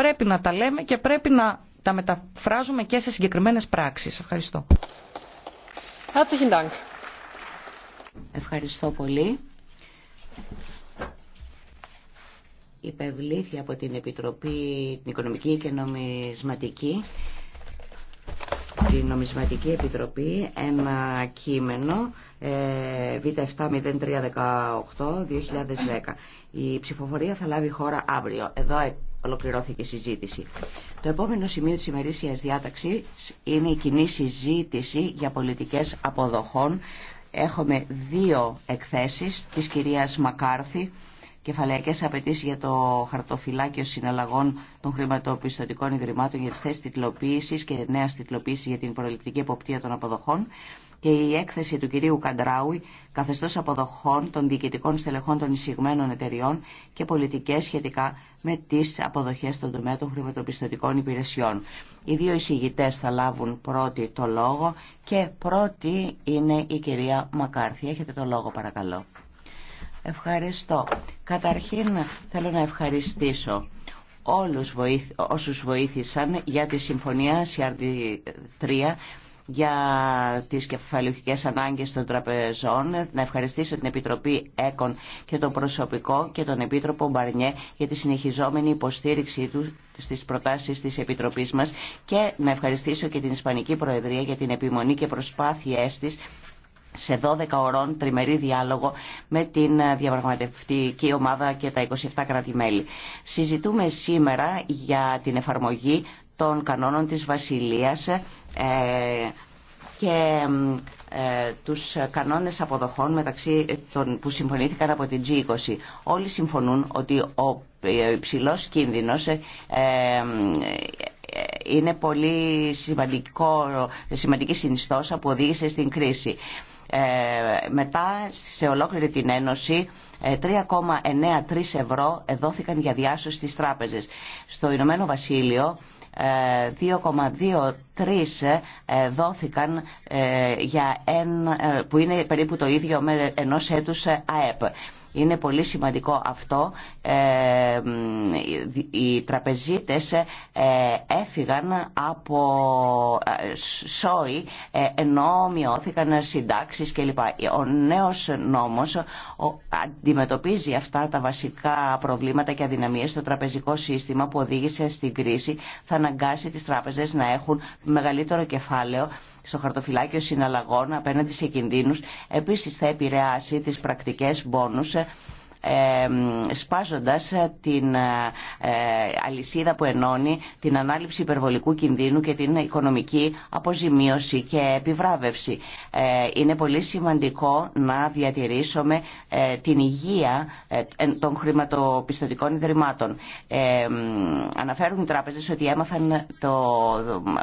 πρέπει να τα λέμε και πρέπει να τα μεταφράζουμε και σε συγκεκριμένες πράξεις. Ευχαριστώ. Ευχαριστώ πολύ. Υπευλήθη από την Επιτροπή την Οικονομική και Νομισματική την Νομισματική Επιτροπή ένα κείμενο ε, Β70318-2010. Η ψηφοφορία θα λάβει χώρα αύριο. Εδώ ολοκληρώθηκε η συζήτηση. Το επόμενο σημείο της ημερήσιας διάταξης είναι η κοινή συζήτηση για πολιτικές αποδοχών. Έχουμε δύο εκθέσεις της κυρίας Μακάρθη, κεφαλαϊκές απαιτήσει για το χαρτοφυλάκιο συναλλαγών των χρηματοπιστωτικών ιδρυμάτων για τις θέσεις τιτλοποίησης και νέα τιτλοποίηση για την προληπτική εποπτεία των αποδοχών και η έκθεση του κυρίου Καντράουι καθεστώς αποδοχών των διοικητικών στελεχών των εισηγμένων εταιριών και πολιτικές σχετικά με τις αποδοχές στον τομέα των χρηματοπιστωτικών υπηρεσιών. Οι δύο εισηγητές θα λάβουν πρώτη το λόγο και πρώτη είναι η κυρία Μακάρθη. Έχετε το λόγο παρακαλώ. Ευχαριστώ. Καταρχήν θέλω να ευχαριστήσω όλους βοήθ, όσους βοήθησαν για τη Συμφωνία CRD3 για τις κεφαλαιοχικές ανάγκες των τραπεζών. Να ευχαριστήσω την Επιτροπή ΕΚΟΝ και τον προσωπικό και τον Επίτροπο Μπαρνιέ για τη συνεχιζόμενη υποστήριξή του στις προτάσεις της Επιτροπής μας και να ευχαριστήσω και την Ισπανική Προεδρία για την επιμονή και προσπάθειές της σε 12 ωρών τριμερή διάλογο με την διαπραγματευτική ομάδα και τα 27 κράτη-μέλη. Συζητούμε σήμερα για την εφαρμογή των κανόνων της Βασιλείας ε, και ε, τους κανόνες αποδοχών μεταξύ των, που συμφωνήθηκαν από την G20. Όλοι συμφωνούν ότι ο ε, υψηλός κίνδυνος είναι πολύ σημαντικό, σημαντική συνιστόσα που οδήγησε στην κρίση. μετά σε ολόκληρη την Ένωση 3,93 ευρώ δόθηκαν για διάσωση στις τράπεζες. Στο Ηνωμένο Βασίλειο 2,23 ε, ε, δόθηκαν ε, για ένα, που είναι περίπου το ίδιο με ενός έτους ΑΕΠ. Είναι πολύ σημαντικό αυτό. Ε, οι τραπεζίτες ε, έφυγαν από ε, σόι ενώ μειώθηκαν συντάξεις κλπ. Ο νέος νόμος αντιμετωπίζει αυτά τα βασικά προβλήματα και αδυναμίες στο τραπεζικό σύστημα που οδήγησε στην κρίση. Θα αναγκάσει τις τράπεζες να έχουν μεγαλύτερο κεφάλαιο στο χαρτοφυλάκιο συναλλαγών απέναντι σε κινδύνους. Επίσης θα επηρεάσει τις πρακτικές μπόνους σπάζοντας ε, την ε, ε, αλυσίδα που ενώνει την ανάληψη υπερβολικού κινδύνου και την οικονομική αποζημίωση και επιβράβευση. Είναι πολύ σημαντικό να διατηρήσουμε την υγεία των χρηματοπιστωτικών ιδρυμάτων. Αναφέρουν οι τράπεζες ότι έμαθαν το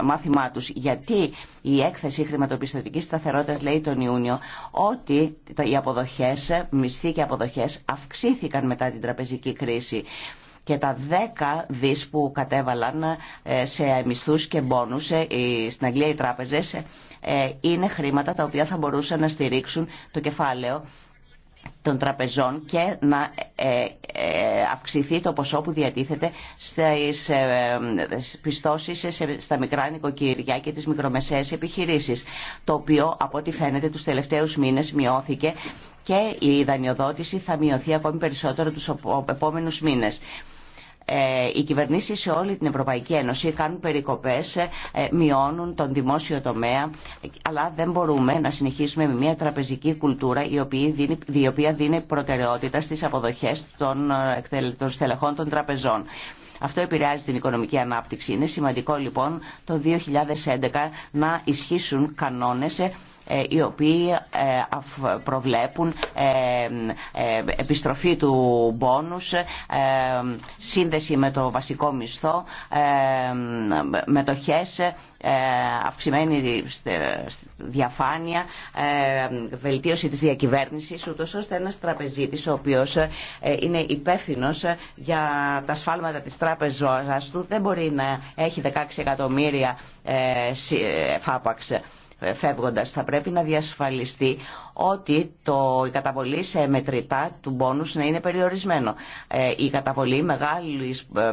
μάθημά τους γιατί η έκθεση χρηματοπιστωτικής σταθερότητας λέει τον Ιούνιο ότι οι αποδοχές, μισθοί και αποδοχές αυξήθηκαν μετά την τραπεζική κρίση και τα 10 δις που κατέβαλαν ε, σε μισθούς και μπόνους ε, στην Αγγλία οι τράπεζες ε, είναι χρήματα τα οποία θα μπορούσαν να στηρίξουν το κεφάλαιο των τραπεζών και να ε, ε, αυξηθεί το ποσό που διατίθεται στις ε, πιστώσεις στα μικρά νοικοκυριά και τις μικρομεσαίες επιχειρήσεις, το οποίο από ό,τι φαίνεται τους τελευταίους μήνες μειώθηκε και η δανειοδότηση θα μειωθεί ακόμη περισσότερο τους επόμενους μήνες. Ε, οι κυβερνήσεις σε όλη την Ευρωπαϊκή Ένωση κάνουν περικοπές, ε, μειώνουν τον δημόσιο τομέα, αλλά δεν μπορούμε να συνεχίσουμε με μια τραπεζική κουλτούρα η οποία δίνει, δίνει προτεραιότητα στις αποδοχές των, ε, των στελεχών των τραπεζών. Αυτό επηρεάζει την οικονομική ανάπτυξη. Είναι σημαντικό λοιπόν το 2011 να ισχύσουν κανόνες ε, οι οποίοι ε, προβλέπουν ε, επιστροφή του μπόνους, σύνδεση με το βασικό μισθό, μετοχές, αυξημένη διαφάνεια, βελτίωση της διακυβέρνησης, ούτως ώστε ένας τραπεζίτης ο οποίος είναι υπεύθυνο για τα σφάλματα της τράπεζας του δεν μπορεί να έχει 16 εκατομμύρια φάπαξ φεύγοντας. Θα πρέπει να διασφαλιστεί ότι το, η καταβολή σε μετρητά του μπόνους να είναι περιορισμένο. Ε, η καταβολή ε,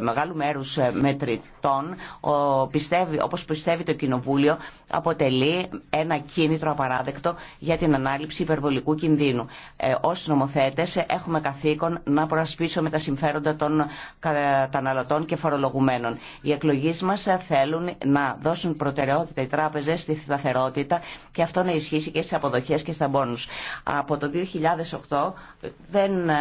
μεγάλου μέρους ε, μετρητών, ο, πιστεύει, όπως πιστεύει το Κοινοβούλιο, αποτελεί ένα κίνητρο απαράδεκτο για την ανάληψη υπερβολικού κινδύνου. Ε, ως νομοθέτες έχουμε καθήκον να προασπίσουμε τα συμφέροντα των καταναλωτών και φορολογουμένων. Οι εκλογείς μας θέλουν να δώσουν προτεραιότητα οι τράπεζες στη σταθερότητα και αυτό να ισχύσει και στις αποδοχές και στα μπόνους. Από το 2008 δεν ε,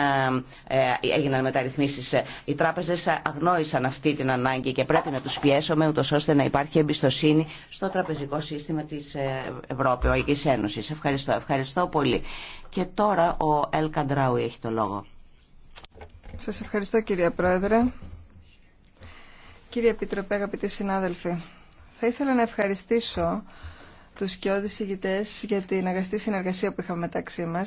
ε, έγιναν μεταρρυθμίσεις. Ε, οι τράπεζες αγνόησαν αυτή την ανάγκη και πρέπει να τους πιέσουμε ούτως ώστε να υπάρχει εμπιστοσύνη στο τραπεζικό σύστημα της Ευρωπαϊκής Ένωσης. Ευχαριστώ. Ευχαριστώ πολύ. Και τώρα ο Ελ Καντράουι έχει το λόγο. Σας ευχαριστώ κυρία Πρόεδρε. Κύριε Επιτροπέ, αγαπητοί συνάδελφοι, θα ήθελα να ευχαριστήσω τους σκιώδεις ηγητέ για την αγαστή συνεργασία που είχαμε μεταξύ μα.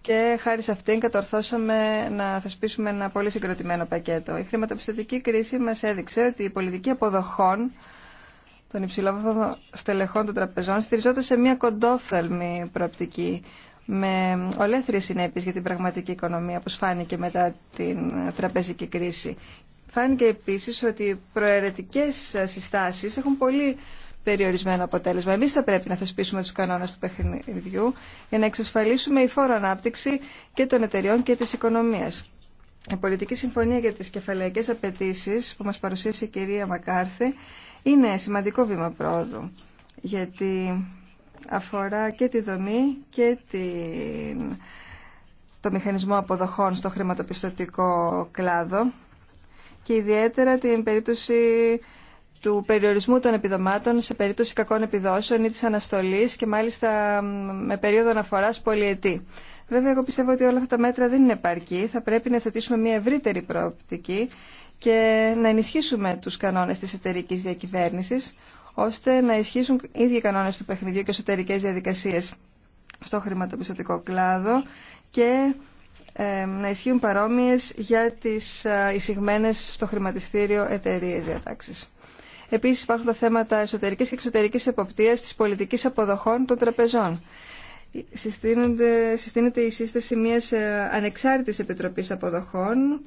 και χάρη σε αυτήν κατορθώσαμε να θεσπίσουμε ένα πολύ συγκροτημένο πακέτο. Η χρηματοπιστωτική κρίση μα έδειξε ότι η πολιτική αποδοχών των υψηλόβαθων στελεχών των τραπεζών στηριζόταν σε μια κοντόφθαλμη προοπτική με ολέθριες συνέπειες για την πραγματική οικονομία, όπως φάνηκε μετά την τραπεζική κρίση. Φάνηκε επίσης ότι οι προαιρετικές συστάσεις έχουν πολύ περιορισμένο αποτέλεσμα. Εμεί θα πρέπει να θεσπίσουμε του κανόνε του παιχνιδιού για να εξασφαλίσουμε η φόρο ανάπτυξη και των εταιριών και τη οικονομία. Η πολιτική συμφωνία για τι κεφαλαϊκέ απαιτήσει που μα παρουσίασε η κυρία Μακάρθη είναι σημαντικό βήμα πρόοδου γιατί αφορά και τη δομή και το μηχανισμό αποδοχών στο χρηματοπιστωτικό κλάδο και ιδιαίτερα την περίπτωση του περιορισμού των επιδομάτων σε περίπτωση κακών επιδόσεων ή της αναστολής και μάλιστα με περίοδο αναφοράς πολυετή. Βέβαια, εγώ πιστεύω ότι όλα αυτά τα μέτρα δεν είναι επαρκή. Θα πρέπει να θετήσουμε μια ευρύτερη προοπτική και να ενισχύσουμε τους κανόνες της εταιρική διακυβέρνησης, ώστε να ισχύσουν οι ίδιοι κανόνες του παιχνιδιού και εσωτερικέ διαδικασίες στο χρηματοπιστωτικό κλάδο και ε, να ισχύουν παρόμοιες για τις ε, εισηγμένες στο χρηματιστήριο εταιρείες διατάξεις. Επίσης υπάρχουν τα θέματα εσωτερικής και εξωτερικής εποπτείας της πολιτικής αποδοχών των τραπεζών. Συστήνεται η σύσταση μιας ε, ανεξάρτητης επιτροπής αποδοχών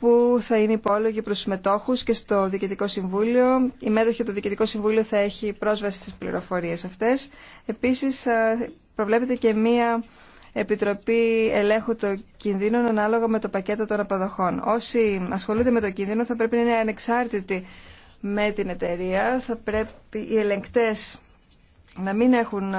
που θα είναι υπόλογη προς τους μετόχους και στο Διοικητικό Συμβούλιο. Η μέτοχη του Διοικητικό Συμβούλιο θα έχει πρόσβαση στις πληροφορίες αυτές. Επίσης προβλέπεται και μία Επιτροπή Ελέγχου των Κινδύνων ανάλογα με το πακέτο των αποδοχών. Όσοι ασχολούνται με το κίνδυνο θα πρέπει να είναι ανεξάρτητοι με την εταιρεία. Θα πρέπει οι ελεγκτές να μην έχουν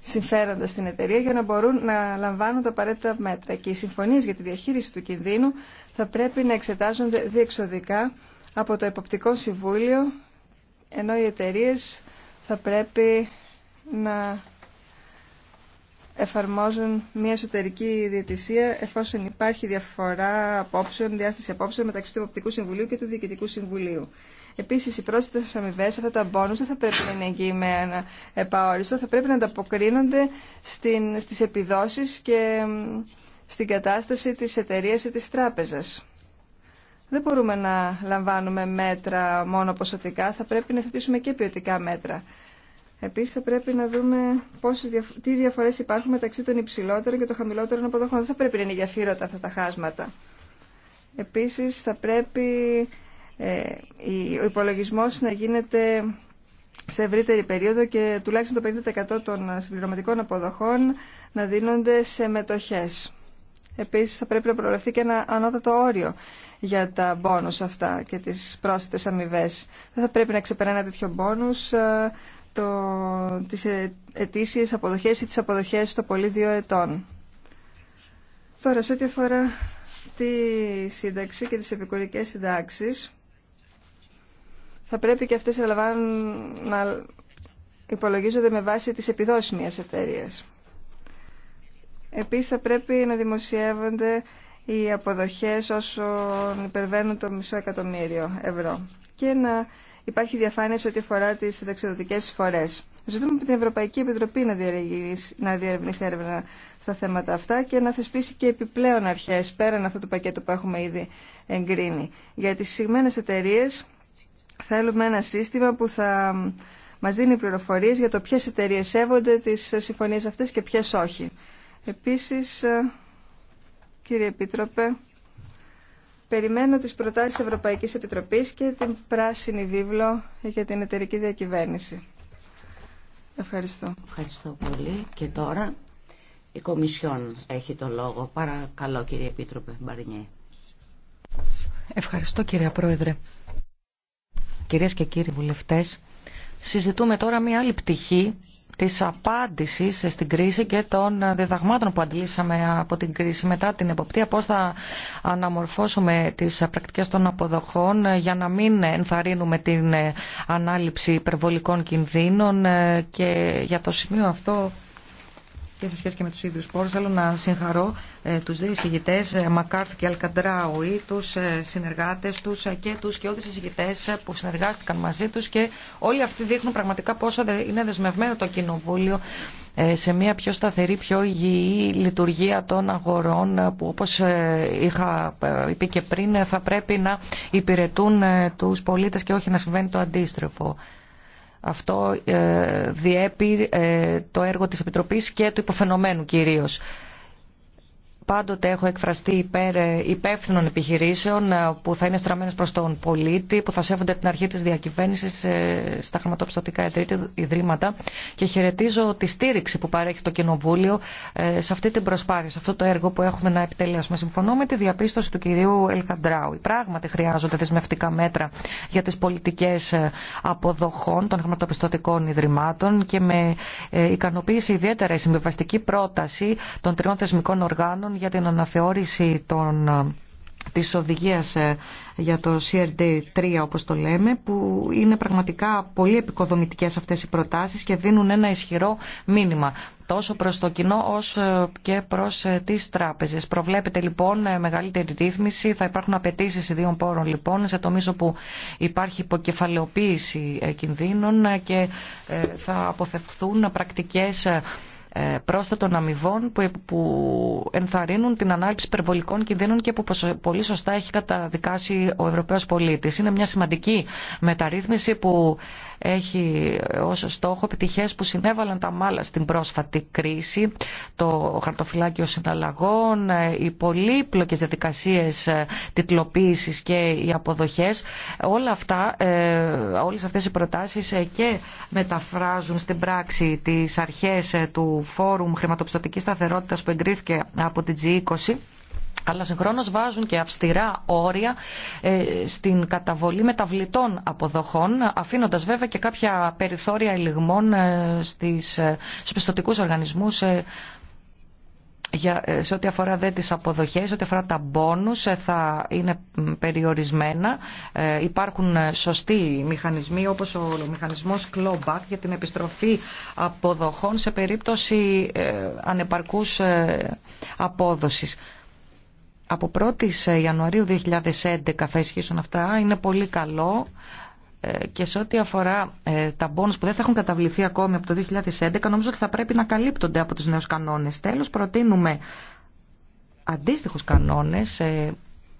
συμφέροντα στην εταιρεία για να μπορούν να λαμβάνουν τα απαραίτητα μέτρα. Και οι συμφωνίες για τη διαχείριση του κινδύνου θα πρέπει να εξετάζονται διεξοδικά από το Εποπτικό Συμβούλιο, ενώ οι εταιρείε θα πρέπει να εφαρμόζουν μια εσωτερική διαιτησία εφόσον υπάρχει διαφορά απόψεων, διάσταση απόψεων μεταξύ του Οπτικού Συμβουλίου και του Διοικητικού Συμβουλίου. Επίση, οι πρόσθετε αμοιβέ, αυτά τα μπόνου, δεν θα πρέπει να είναι εγγυημένα επαόριστο, θα πρέπει να ανταποκρίνονται στι επιδόσει και στην κατάσταση τη εταιρεία ή τη τράπεζα. Δεν μπορούμε να λαμβάνουμε μέτρα μόνο ποσοτικά, θα πρέπει να θετήσουμε και ποιοτικά μέτρα. Επίσης θα πρέπει να δούμε πόσες, τι διαφορές υπάρχουν μεταξύ των υψηλότερων και των χαμηλότερων αποδοχών. Δεν θα πρέπει να είναι φύρωτα αυτά τα χάσματα. Επίσης θα πρέπει ε, ο υπολογισμός να γίνεται σε ευρύτερη περίοδο και τουλάχιστον το 50% των συμπληρωματικών αποδοχών να δίνονται σε μετοχές. Επίσης θα πρέπει να προβλεφθεί και ένα ανώτατο όριο για τα μπόνους αυτά και τις πρόσθετες αμοιβέ. Δεν θα πρέπει να ξεπερνάει ένα τέτοιο μπόνους ε, το, τις ε, ετήσιες αποδοχές ή τις αποδοχές στο πολύ δύο ετών. Τώρα, σε ό,τι αφορά τη σύνταξη και τις επικουρικές συντάξεις, θα πρέπει και αυτές να υπολογίζονται με βάση τις επιδόσεις μιας εταιρείας. Επίσης, θα πρέπει να δημοσιεύονται οι αποδοχές όσων υπερβαίνουν το μισό εκατομμύριο ευρώ και να υπάρχει διαφάνεια σε ό,τι αφορά τι συνταξιδοτικέ εισφορέ. Ζητούμε από την Ευρωπαϊκή Επιτροπή να διερευνήσει, να διερευνήσει έρευνα στα θέματα αυτά και να θεσπίσει και επιπλέον αρχέ πέραν αυτό το πακέτο που έχουμε ήδη εγκρίνει. Για τι συγμένε εταιρείε θέλουμε ένα σύστημα που θα μα δίνει πληροφορίε για το ποιε εταιρείε σέβονται τι συμφωνίε αυτέ και ποιε όχι. Επίση, ε, κύριε Επίτροπε, Περιμένω τις προτάσεις Ευρωπαϊκής Επιτροπής και την πράσινη βίβλο για την εταιρική διακυβέρνηση. Ευχαριστώ. Ευχαριστώ πολύ. Και τώρα η Κομισιόν έχει το λόγο. Παρακαλώ κύριε Επίτροπε Μπαρινιέ. Ευχαριστώ κύριε Πρόεδρε. Κυρίες και κύριοι βουλευτές, συζητούμε τώρα μία άλλη πτυχή της απάντησης στην κρίση και των διδαγμάτων που αντλήσαμε από την κρίση μετά την εποπτεία, πώς θα αναμορφώσουμε τις πρακτικές των αποδοχών για να μην ενθαρρύνουμε την ανάληψη υπερβολικών κινδύνων και για το σημείο αυτό και σε σχέση και με τους ίδιους πόρους θέλω να συγχαρώ ε, τους δύο εισηγητές ε, Μακάρθ και Αλκαντράουι τους ε, συνεργάτες τους ε, και τους και όλους εισηγητές ε, που συνεργάστηκαν μαζί τους και όλοι αυτοί δείχνουν πραγματικά πόσο είναι δεσμευμένο το Κοινοβούλιο ε, σε μια πιο σταθερή, πιο υγιή λειτουργία των αγορών ε, που όπως είχα πει και πριν θα πρέπει να υπηρετούν τους πολίτες και όχι να συμβαίνει το αντίστροφο. Αυτό ε, διέπει ε, το έργο της Επιτροπής και του υποφαινομένου κυρίως. Πάντοτε έχω εκφραστεί υπέρ ε, υπεύθυνων επιχειρήσεων ε, που θα είναι στραμμένε προ τον πολίτη, που θα σέβονται την αρχή τη διακυβέρνηση ε, στα χρηματοπιστωτικά ιδρύματα και χαιρετίζω τη στήριξη που παρέχει το Κοινοβούλιο σε αυτή την προσπάθεια, σε αυτό το έργο που έχουμε να επιτελέσουμε. Συμφωνώ με τη διαπίστωση του κυρίου Ελχαντράου. Πράγματι χρειάζονται δεσμευτικά μέτρα για τι πολιτικέ αποδοχών των χρηματοπιστωτικών ιδρυμάτων και με ικανοποίηση ιδιαίτερα η συμβιβαστική πρόταση των τριών θεσμικών οργάνων για την αναθεώρηση των, ε, της οδηγίας ε, για το CRD3 όπως το λέμε που είναι πραγματικά πολύ επικοδομητικές αυτές οι προτάσεις και δίνουν ένα ισχυρό μήνυμα τόσο προς το κοινό όσο ε, και προς τις τράπεζες. Προβλέπεται λοιπόν μεγαλύτερη ρύθμιση, θα υπάρχουν απαιτήσει ιδίων πόρων λοιπόν σε τομείς όπου υπάρχει υποκεφαλαιοποίηση κινδύνων και θα αποφευχθούν πρακτικές ε, πρόσθετων αμοιβών ε, που ενθαρρύνουν την ανάληψη υπερβολικών κινδύνων και που πολύ σωστά έχει καταδικάσει ο Ευρωπαίος πολίτης. Είναι μια σημαντική μεταρρύθμιση που έχει ως στόχο επιτυχές που συνέβαλαν τα μάλα στην πρόσφατη κρίση, το χαρτοφυλάκιο συναλλαγών, ε, οι πολύπλοκες διαδικασίες ε, τιτλοποίησης και οι αποδοχές. Όλα αυτά, ε, όλες αυτές οι προτάσεις και μεταφράζουν στην πράξη τις αρχές του Φόρουμ Χρηματοπιστωτικής Σταθερότητας που εγκρίθηκε από την G20 αλλά συγχρόνως βάζουν και αυστηρά όρια ε, στην καταβολή μεταβλητών αποδοχών, αφήνοντας βέβαια και κάποια περιθώρια ελιγμών ε, στις, ε, στους πιστοτικούς οργανισμούς για, σε ό,τι αφορά δε τις αποδοχές, σε ό,τι αφορά τα μπόνους θα είναι περιορισμένα. υπάρχουν σωστοί μηχανισμοί όπως ο μηχανισμός clawback για την επιστροφή αποδοχών σε περίπτωση ανεπαρκούς απόδοσης από 1η Ιανουαρίου 2011 θα ισχύσουν αυτά. Είναι πολύ καλό ε, και σε ό,τι αφορά ε, τα μπόνους που δεν θα έχουν καταβληθεί ακόμη από το 2011, νομίζω ότι θα πρέπει να καλύπτονται από τους νέους κανόνες. Τέλος, προτείνουμε αντίστοιχους κανόνες, ε,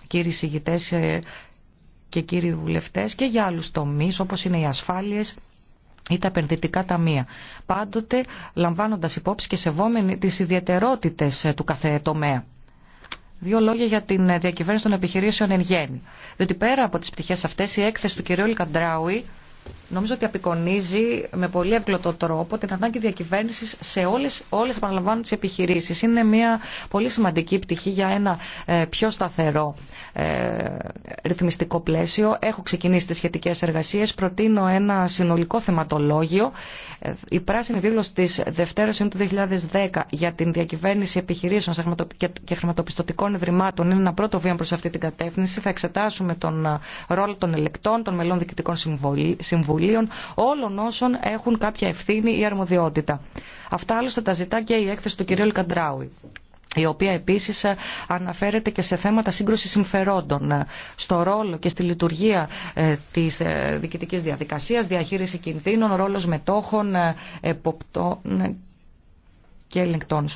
κύριοι συγητές και κύριοι βουλευτές, και για άλλους τομείς, όπως είναι οι ασφάλειες, ή τα επενδυτικά ταμεία. Πάντοτε λαμβάνοντας υπόψη και σεβόμενοι τις ιδιαιτερότητες του κάθε τομέα. Δύο λόγια για την ε, διακυβέρνηση των επιχειρήσεων εν γέννη. Διότι πέρα από τις πτυχές αυτές η έκθεση του κυρίου Λικαντράουι νομίζω ότι απεικονίζει με πολύ εύκολο τρόπο την ανάγκη διακυβέρνηση σε όλε όλες, τι επιχειρήσει. Είναι μια πολύ σημαντική πτυχή για ένα ε, πιο σταθερό ε, ρυθμιστικό πλαίσιο. Έχω ξεκινήσει τι σχετικέ εργασίε. Προτείνω ένα συνολικό θεματολόγιο. Ε, η πράσινη βίβλο τη Δευτέρα είναι του 2010 για την διακυβέρνηση επιχειρήσεων και χρηματοπιστωτικών ευρημάτων είναι ένα πρώτο βήμα προ αυτή την κατεύθυνση. Θα εξετάσουμε τον ρόλο των ελεκτών, των μελών διοικητικών συμβολή συμβουλίων όλων όσων έχουν κάποια ευθύνη ή αρμοδιότητα. Αυτά άλλωστε τα ζητά και η έκθεση του κ. Λικαντράουι η οποία επίσης ε, αναφέρεται και σε θέματα σύγκρουσης συμφερόντων ε, στο ρόλο και στη λειτουργία ε, της διοικητικής διαδικασίας, διαχείριση κινδύνων, ρόλος μετόχων, εποπτών και ελεγκτών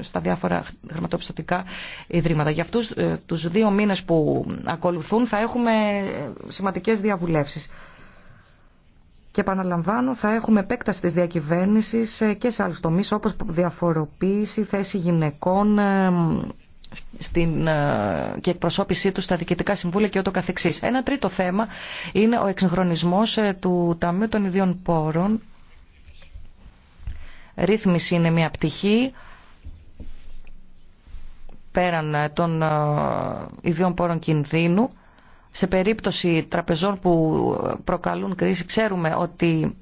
στα διάφορα χρηματοπιστωτικά ιδρύματα. Για αυτούς τους δύο μήνες που ακολουθούν θα έχουμε σημαντικές διαβουλεύσεις. Και επαναλαμβάνω, θα έχουμε επέκταση της διακυβέρνησης ε, και σε άλλους τομείς όπως διαφοροποίηση, θέση γυναικών ε, στην, ε, και εκπροσώπησή του στα διοικητικά συμβούλια και ούτω καθεξής. Ένα τρίτο θέμα είναι ο εξυγχρονισμός του Ταμείου των Ιδίων Πόρων. Ρύθμιση είναι μια πτυχή πέραν των ιδίων πόρων κινδύνου σε περίπτωση τραπεζών που προκαλούν κρίση ξέρουμε ότι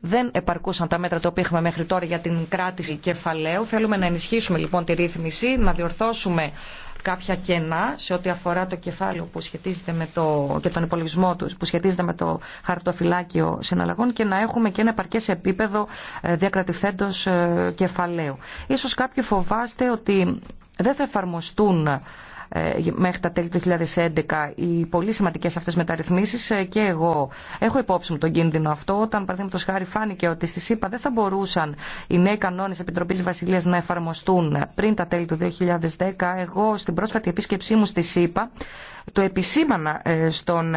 δεν επαρκούσαν τα μέτρα τα οποία είχαμε μέχρι τώρα για την κράτηση κεφαλαίου. Θέλουμε να ενισχύσουμε λοιπόν τη ρύθμιση, να διορθώσουμε κάποια κενά σε ό,τι αφορά το κεφάλαιο που σχετίζεται με το, και τον υπολογισμό του που σχετίζεται με το χαρτοφυλάκιο συναλλαγών και να έχουμε και ένα επαρκέ επίπεδο ε, διακρατηθέντο ε, κεφαλαίου. Ίσως κάποιοι φοβάστε ότι δεν θα εφαρμοστούν ε, μέχρι τα τέλη του 2011 οι πολύ σημαντικέ αυτέ μεταρρυθμίσει ε, και εγώ έχω υπόψη μου τον κίνδυνο αυτό. Όταν, παραδείγματο χάρη, φάνηκε ότι στη ΣΥΠΑ δεν θα μπορούσαν οι νέοι κανόνε Επιτροπή Βασιλεία να εφαρμοστούν πριν τα τέλη του 2010, εγώ στην πρόσφατη επίσκεψή μου στη ΣΥΠΑ το επισήμανα ε, στον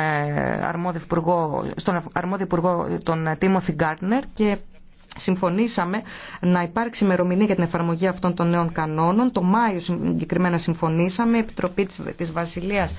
αρμόδιο υπουργό, τον Τίμωθη Γκάρτνερ και Συμφωνήσαμε να υπάρξει ημερομηνία για την εφαρμογή αυτών των νέων κανόνων. Το Μάιο συγκεκριμένα συμφωνήσαμε. Η Επιτροπή της Βασιλείας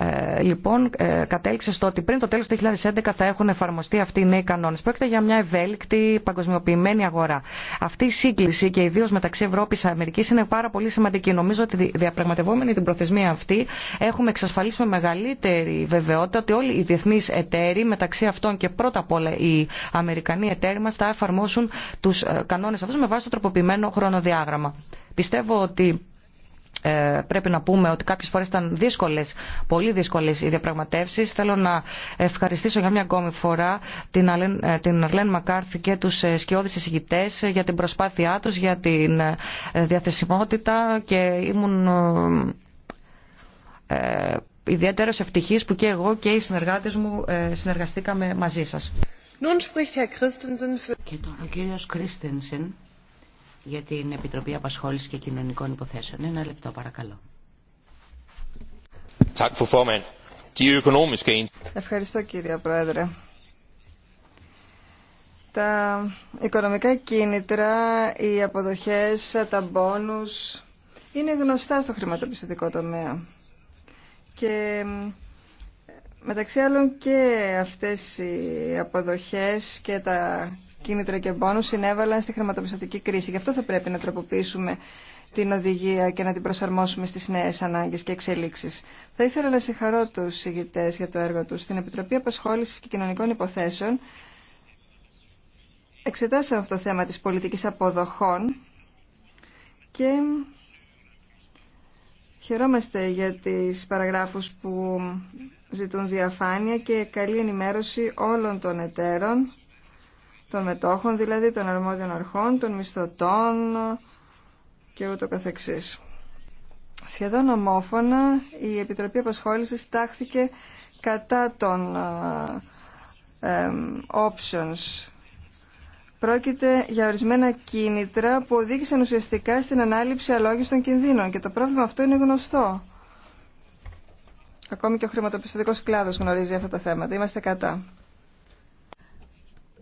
ε, λοιπόν, ε, κατέληξε στο ότι πριν το τέλο του 2011 θα έχουν εφαρμοστεί αυτοί οι νέοι κανόνε. Πρόκειται για μια ευέλικτη παγκοσμιοποιημένη αγορά. Αυτή η σύγκληση και ιδίω μεταξύ Ευρώπη και Αμερικής είναι πάρα πολύ σημαντική. Νομίζω ότι διαπραγματευόμενοι την προθεσμία αυτή έχουμε εξασφαλίσει με μεγαλύτερη βεβαιότητα ότι όλοι οι διεθνεί εταίροι μεταξύ αυτών και πρώτα απ' όλα οι Αμερικανοί εταίροι μα θα εφαρμόσουν τους ε, κανόνε αυτού με βάση το τροποποιημένο χρονοδιάγραμμα. Πιστεύω ότι ε, πρέπει να πούμε ότι κάποιες φορές ήταν δύσκολες, πολύ δύσκολες οι διαπραγματεύσεις. Θέλω να ευχαριστήσω για μια ακόμη φορά την, Αλέν, ε, την Αρλέν Μακάρθη και τους ε, σκιώδεις εισηγητές για την προσπάθειά τους, για την διαθεσιμότητα και ήμουν ε, ιδιαίτερο ευτυχής που και εγώ και οι συνεργάτες μου συνεργαστήκαμε μαζί σας. Και τώρα ο κύριος για την Επιτροπή Απασχόλησης και Κοινωνικών Υποθέσεων. Ένα λεπτό παρακαλώ. Ευχαριστώ κύριε Πρόεδρε. Τα οικονομικά κίνητρα, οι αποδοχές, τα μπόνους είναι γνωστά στο χρηματοπιστωτικό τομέα. Και μεταξύ άλλων και αυτές οι αποδοχές και τα κίνητρα και πόνου συνέβαλαν στη χρηματοπιστωτική κρίση. Γι' αυτό θα πρέπει να τροποποιήσουμε την οδηγία και να την προσαρμόσουμε στις νέες ανάγκες και εξελίξεις. Θα ήθελα να συγχαρώ τους ηγητέ για το έργο τους. Στην Επιτροπή Απασχόλησης και Κοινωνικών Υποθέσεων εξετάσαμε αυτό το θέμα τη πολιτική αποδοχών και χαιρόμαστε για τις παραγράφους που ζητούν διαφάνεια και καλή ενημέρωση όλων των εταίρων των μετόχων, δηλαδή των αρμόδιων αρχών, των μισθωτών και ούτω καθεξής. Σχεδόν ομόφωνα η Επιτροπή Απασχόλησης τάχθηκε κατά των options. Πρόκειται για ορισμένα κίνητρα που οδήγησαν ουσιαστικά στην ανάληψη των κινδύνων και το πρόβλημα αυτό είναι γνωστό. Ακόμη και ο χρηματοπιστωτικός κλάδος γνωρίζει αυτά τα θέματα. Είμαστε κατά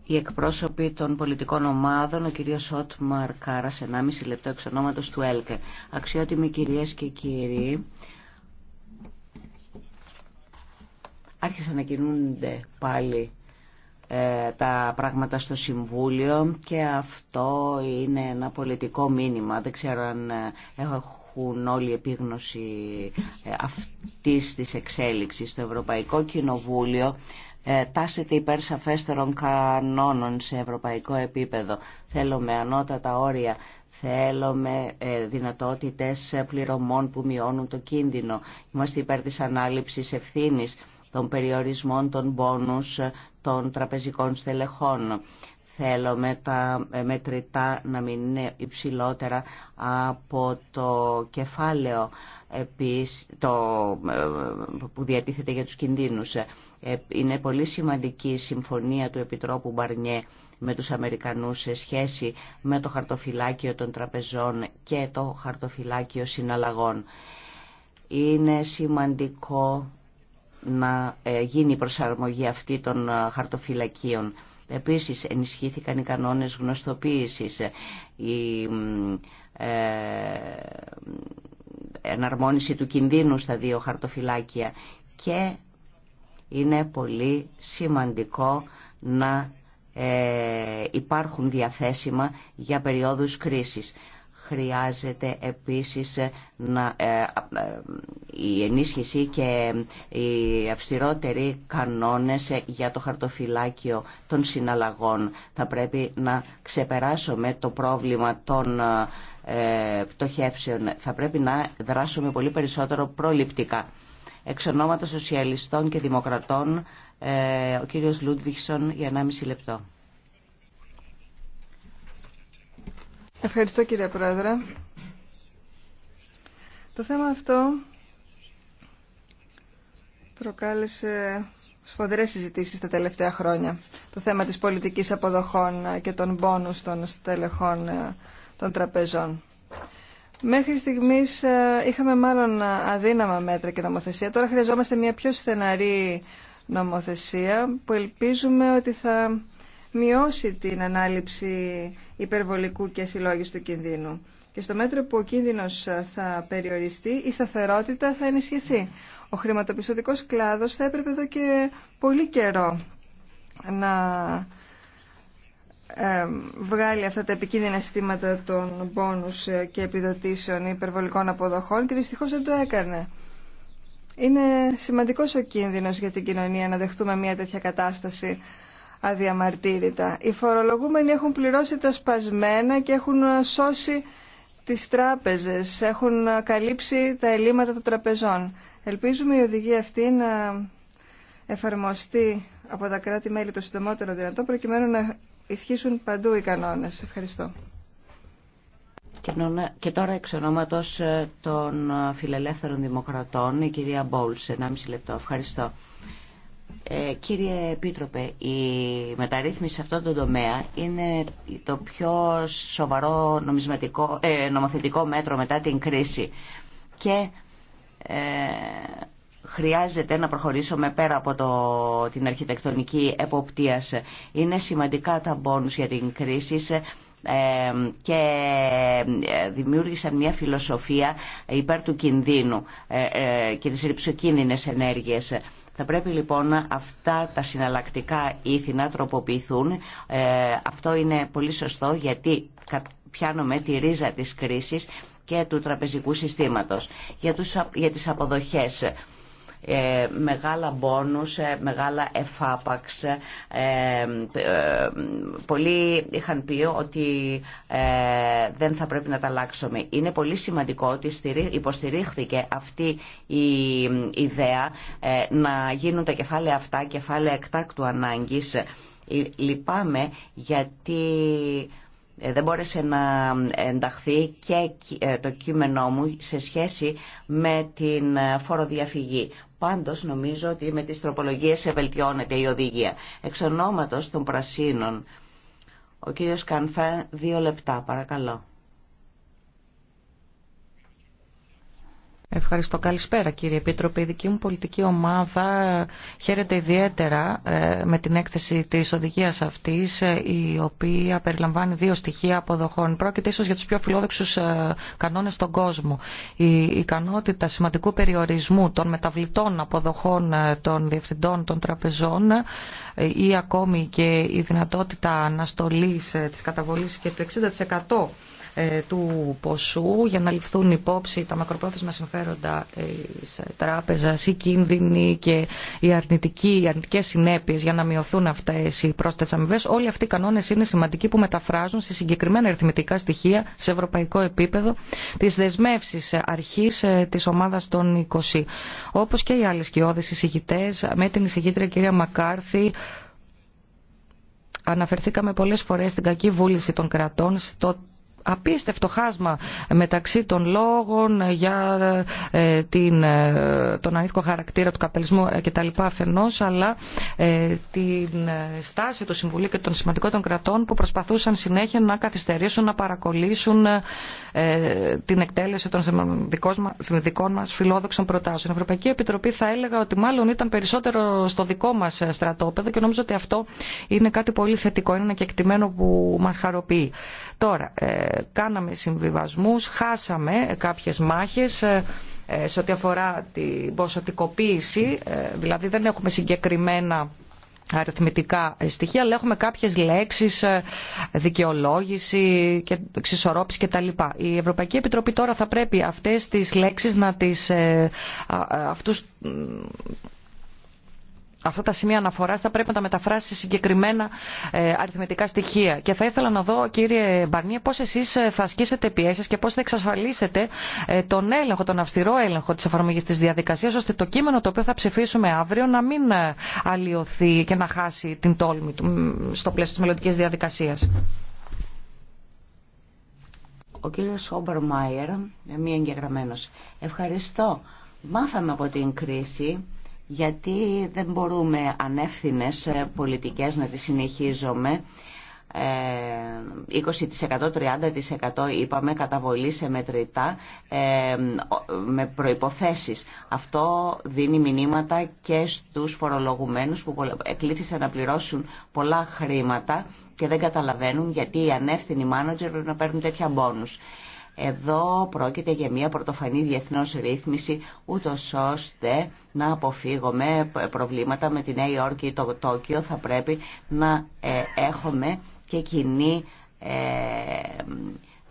οι εκπρόσωποι των πολιτικών ομάδων, ο κυρίος Σότμαρ Κάρας, 1,5 λεπτό εξ ονόματος του ΕΛΚΕ. Αξιότιμοι κυρίες και κύριοι, άρχισαν να κινούνται πάλι ε, τα πράγματα στο Συμβούλιο και αυτό είναι ένα πολιτικό μήνυμα. Δεν ξέρω αν ε, έχουν όλοι επίγνωση ε, αυτής της εξέλιξης στο Ευρωπαϊκό Κοινοβούλιο ε, τάσεται υπέρ σαφέστερων κανόνων σε ευρωπαϊκό επίπεδο. Θέλουμε ανώτατα όρια, θέλουμε ε, δυνατότητες πληρωμών που μειώνουν το κίνδυνο. Είμαστε υπέρ της ανάληψης ευθύνης των περιορισμών των πόνους ε, των τραπεζικών στελεχών με τα ε, μετρητά να μην είναι υψηλότερα από το κεφάλαιο επίσης, το, ε, που διατίθεται για τους κινδύνους. Ε, είναι πολύ σημαντική η συμφωνία του Επιτρόπου Μπαρνιέ με τους Αμερικανούς σε σχέση με το χαρτοφυλάκιο των τραπεζών και το χαρτοφυλάκιο συναλλαγών. Είναι σημαντικό να γίνει η προσαρμογή αυτή των χαρτοφυλακίων. Επίσης ενισχύθηκαν οι κανόνες γνωστοποίησης, η ε, εναρμόνιση του κινδύνου στα δύο χαρτοφυλάκια και είναι πολύ σημαντικό να ε, υπάρχουν διαθέσιμα για περιόδους κρίσης χρειάζεται επίσης να, ε, ε, η ενίσχυση και οι αυστηρότεροι κανόνες για το χαρτοφυλάκιο των συναλλαγών. Θα πρέπει να ξεπεράσουμε το πρόβλημα των ε, πτωχεύσεων. Θα πρέπει να δράσουμε πολύ περισσότερο προληπτικά. Εξ ονόματα σοσιαλιστών και δημοκρατών, ο κύριος Λούντβιχσον για 1,5 λεπτό. Ευχαριστώ κύριε Πρόεδρε. Το θέμα αυτό προκάλεσε σφοδρές συζητήσεις τα τελευταία χρόνια. Το θέμα της πολιτικής αποδοχών και των πόνους των στελεχών ε, των τραπεζών. Μέχρι στιγμής ε, είχαμε μάλλον αδύναμα μέτρα και νομοθεσία. Τώρα χρειαζόμαστε μια πιο στεναρή νομοθεσία που ελπίζουμε ότι θα μειώσει την ανάληψη υπερβολικού και του κινδύνου. Και στο μέτρο που ο κίνδυνος ε, θα περιοριστεί, η σταθερότητα θα ενισχυθεί. Ο χρηματοπιστωτικός κλάδος θα έπρεπε εδώ και πολύ καιρό να ε, βγάλει αυτά τα επικίνδυνα συστήματα των πόνους ε, και επιδοτήσεων υπερβολικών αποδοχών και δυστυχώς δεν το έκανε. Είναι σημαντικός ο κίνδυνος για την κοινωνία να δεχτούμε μια τέτοια κατάσταση αδιαμαρτύρητα. Οι φορολογούμενοι έχουν πληρώσει τα σπασμένα και έχουν σώσει τις τράπεζες, έχουν καλύψει τα ελλείμματα των τραπεζών. Ελπίζουμε η οδηγία αυτή να εφαρμοστεί από τα κράτη-μέλη το συντομότερο δυνατό προκειμένου να ισχύσουν παντού οι κανόνες. Ευχαριστώ. Και τώρα εξ ονόματος ε, των ε, φιλελεύθερων δημοκρατών, η κυρία Μπόλς, 1,5 λεπτό. Ευχαριστώ. Ε, κύριε Επίτροπε, η μεταρρύθμιση σε αυτό το τομέα είναι το πιο σοβαρό νομισματικό, ε, νομοθετικό μέτρο μετά την κρίση και ε, χρειάζεται να προχωρήσουμε πέρα από το, την αρχιτεκτονική εποπτείας. Είναι σημαντικά τα μπόνους για την κρίση ε, και δημιούργησαν μια φιλοσοφία υπέρ του κινδύνου και τις ρηψοκίνδυνες ενέργειες. Θα πρέπει λοιπόν αυτά τα συναλλακτικά ήθη να τροποποιηθούν. Ε, αυτό είναι πολύ σωστό γιατί πιάνουμε τη ρίζα της κρίσης και του τραπεζικού συστήματος. Για, τους, για τις αποδοχές ε, μεγάλα μπόνους, ε, μεγάλα εφάπαξ. Ε, πολλοί είχαν πει ότι δεν θα πρέπει να τα αλλάξουμε. Είναι πολύ σημαντικό ότι υποστηρίχθηκε αυτή η ιδέα να γίνουν τα κεφάλαια αυτά, κεφάλαια εκτάκτου ανάγκης. Λυπάμαι γιατί δεν μπόρεσε να ενταχθεί και το κείμενό μου σε σχέση με την φοροδιαφυγή. Πάντω νομίζω ότι με τις τροπολογίες ευελτιώνεται η οδηγία. Εξ των Πρασίνων, ο κύριο Κανφέ, δύο λεπτά παρακαλώ. Ευχαριστώ. Καλησπέρα κύριε Επίτροπε. Η δική μου πολιτική ομάδα χαίρεται ιδιαίτερα ε, με την έκθεση της οδηγίας αυτής ε, η οποία περιλαμβάνει δύο στοιχεία αποδοχών. Πρόκειται ίσως για τους πιο φιλόδοξους ε, κανόνες στον κόσμο. Η ικανότητα σημαντικού περιορισμού των μεταβλητών αποδοχών των διευθυντών των τραπεζών ή ακόμη και η δυνατότητα αναστολής της καταβολής και του 60% ε, του ποσού για να ληφθούν υπόψη τα μακροπρόθεσμα συμφέροντα της ε, ε, τράπεζας, οι κίνδυνοι και οι, αρνητικοί, οι αρνητικές συνέπειες για να μειωθούν αυτές οι πρόσθετες αμοιβές. Όλοι αυτοί οι κανόνες είναι σημαντικοί που μεταφράζουν σε συγκεκριμένα αριθμητικά στοιχεία σε ευρωπαϊκό επίπεδο τις δεσμεύσεις αρχής της ομάδας των 20. Όπως και οι άλλες κοιόδες εισηγητές, με την εισηγήτρια κυρία Μακάρθη, αναφερθήκαμε πολλές φορές στην κακή βούληση των κρατών, στο απίστευτο χάσμα μεταξύ των λόγων για ε, την, ε, τον ανήθικο χαρακτήρα του καπιταλισμού ε, κτλ. αφενός, αλλά την στάση του Συμβουλίου και των σημαντικών κρατών που προσπαθούσαν συνέχεια να καθυστερήσουν, να παρακολύσουν την εκτέλεση των δικών μας φιλόδοξων προτάσεων. Η Ευρωπαϊκή Επιτροπή θα έλεγα ότι μάλλον ήταν περισσότερο στο δικό μας στρατόπεδο και νομίζω ότι αυτό είναι κάτι πολύ θετικό, είναι ένα κεκτημένο που μας χαροποιεί. Τώρα, κάναμε συμβιβασμούς, χάσαμε κάποιες μάχες ε, ε, σε ό,τι αφορά την ποσοτικοποίηση, ε, δηλαδή δεν έχουμε συγκεκριμένα αριθμητικά στοιχεία, αλλά έχουμε κάποιες λέξεις, δικαιολόγηση, και εξισορρόπηση κτλ. Η Ευρωπαϊκή Επιτροπή τώρα θα πρέπει αυτές τις λέξεις να τις, αυτούς, αυτά τα σημεία αναφορά θα πρέπει να τα μεταφράσει σε συγκεκριμένα ε, αριθμητικά στοιχεία. Και θα ήθελα να δω, κύριε Μπαρνίε, πώ εσεί ε, θα ασκήσετε πιέσει και πώ θα εξασφαλίσετε ε, τον έλεγχο, τον αυστηρό έλεγχο τη εφαρμογή τη διαδικασία, ώστε το κείμενο το οποίο θα ψηφίσουμε αύριο να μην αλλοιωθεί και να χάσει την τόλμη του στο πλαίσιο τη μελλοντική διαδικασία. Ο κύριο Όμπερ Μάιερ, μη εγγεγραμμένο. Ευχαριστώ. Μάθαμε από την κρίση γιατί δεν μπορούμε ανεύθυνες ε, πολιτικές να τις συνεχίζουμε. 20%, ε, 30% είπαμε καταβολή σε μετρητά ε, με προϋποθέσεις. Αυτό δίνει μηνύματα και στους φορολογουμένους που εκλήθησαν να πληρώσουν πολλά χρήματα και δεν καταλαβαίνουν γιατί οι ανεύθυνοι μάνατζερ να παίρνουν τέτοια μπόνους. Εδώ πρόκειται για μια πρωτοφανή διεθνώς ρύθμιση, ούτω ώστε να αποφύγουμε προβλήματα με τη Νέα Υόρκη ή το Τόκιο. Θα πρέπει να ε, έχουμε και κοινή ε,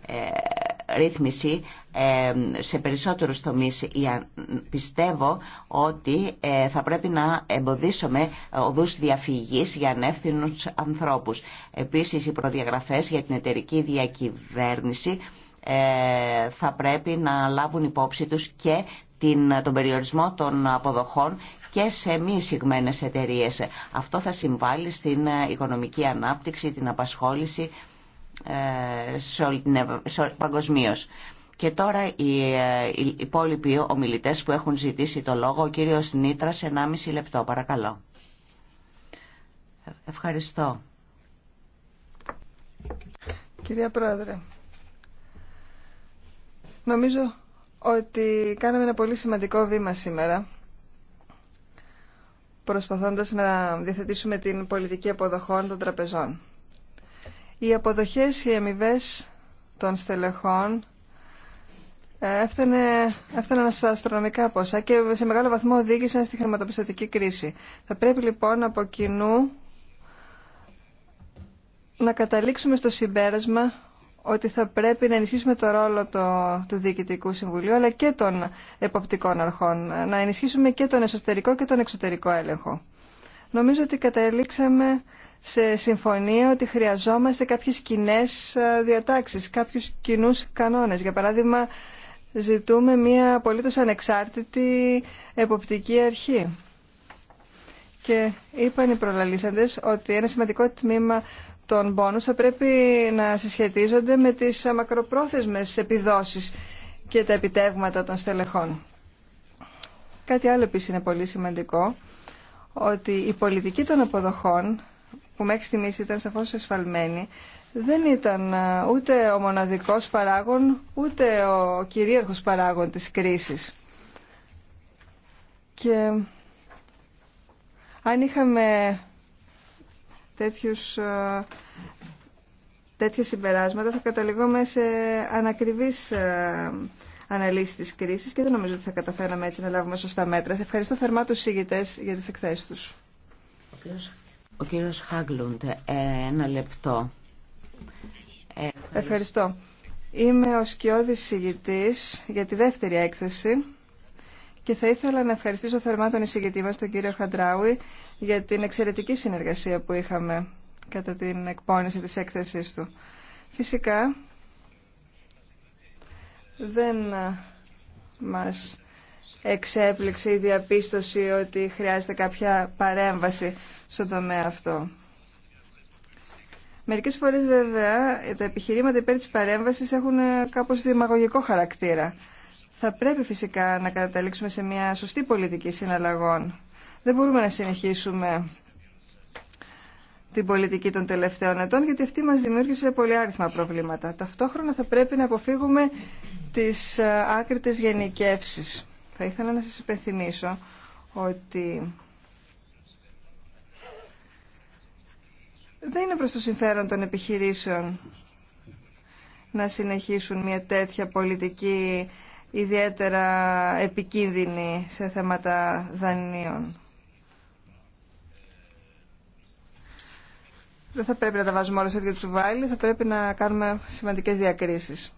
ε, ρύθμιση σε περισσότερους τομείς. Πιστεύω ότι θα πρέπει να εμποδίσουμε οδούς διαφυγής για ανεύθυνους ανθρώπους. Επίσης, οι προδιαγραφές για την εταιρική διακυβέρνηση ε, θα πρέπει να λάβουν υπόψη τους και την, τον περιορισμό των αποδοχών και σε μη εταιρείε. Αυτό θα συμβάλλει στην ε, οικονομική ανάπτυξη, την απασχόληση ε, παγκοσμίω. Και τώρα οι, ε, οι υπόλοιποι ομιλητές που έχουν ζητήσει το λόγο, ο κύριος Νίτρας, 1,5 λεπτό, παρακαλώ. Ευχαριστώ. Κυρία Πρόεδρε, Νομίζω ότι κάναμε ένα πολύ σημαντικό βήμα σήμερα προσπαθώντας να διαθετήσουμε την πολιτική αποδοχών των τραπεζών. Οι αποδοχές, οι αμοιβέ των στελεχών ε, έφτανε, έφταναν στα αστρονομικά ποσά και σε μεγάλο βαθμό οδήγησαν στη χρηματοπιστωτική κρίση. Θα πρέπει λοιπόν από κοινού να καταλήξουμε στο συμπέρασμα ότι θα πρέπει να ενισχύσουμε το ρόλο του Διοικητικού Συμβουλίου αλλά και των εποπτικών αρχών, να ενισχύσουμε και τον εσωτερικό και τον εξωτερικό έλεγχο. Νομίζω ότι καταλήξαμε σε συμφωνία ότι χρειαζόμαστε κάποιες κοινέ ε, διατάξεις, κάποιους κοινού κανόνες. Για παράδειγμα, ζητούμε μια απολύτως ανεξάρτητη εποπτική αρχή. Και είπαν οι προλαλήσαντες ότι ένα σημαντικό τμήμα των πόνους θα πρέπει να συσχετίζονται με τις μακροπρόθεσμες επιδόσεις και τα επιτεύγματα των στελεχών. Κάτι άλλο επίσης είναι πολύ σημαντικό, ότι η πολιτική των αποδοχών, που μέχρι στιγμής ήταν σαφώς εσφαλμένη, δεν ήταν ε, ούτε ο μοναδικός παράγων, ούτε ο κυρίαρχος παράγων της κρίσης. Και αν είχαμε τέτοιους, ε, τέτοια συμπεράσματα θα καταλήγουμε σε ανακριβείς ε, αναλύσεις της κρίσης και δεν νομίζω ότι θα καταφέραμε έτσι να λάβουμε σωστά μέτρα. Σε ευχαριστώ θερμά τους συγητές για τις εκθέσεις τους. Ο κύριος, ε, ένα λεπτό. Ευχαριστώ. ευχαριστώ. Είμαι ο σκιώδης συγητής για τη δεύτερη έκθεση και θα ήθελα να ευχαριστήσω θερμά τον εισηγητή μας, τον κύριο Χαντράουι, για την εξαιρετική συνεργασία που είχαμε κατά την εκπόνηση της έκθεσής του. Φυσικά, δεν ε, μας εξέπληξε η διαπίστωση ότι χρειάζεται κάποια παρέμβαση στον τομέα αυτό. Μερικές φορές βέβαια τα επιχειρήματα υπέρ της παρέμβασης έχουν ε, κάπως δημαγωγικό χαρακτήρα. Θα πρέπει φυσικά να καταλήξουμε σε μια σωστή πολιτική συναλλαγών δεν μπορούμε να συνεχίσουμε την πολιτική των τελευταίων ετών, γιατί αυτή μας δημιούργησε πολύ άριθμα προβλήματα. Ταυτόχρονα θα πρέπει να αποφύγουμε τις ε, άκρητες γενικεύσεις. Θα ήθελα να σας υπενθυμίσω ότι δεν είναι προς το συμφέρον των επιχειρήσεων να συνεχίσουν μια τέτοια πολιτική ιδιαίτερα επικίνδυνη σε θέματα δανείων. δεν θα πρέπει να τα βάζουμε όλα σε δύο τσουβάλι, θα πρέπει να κάνουμε σημαντικές διακρίσεις.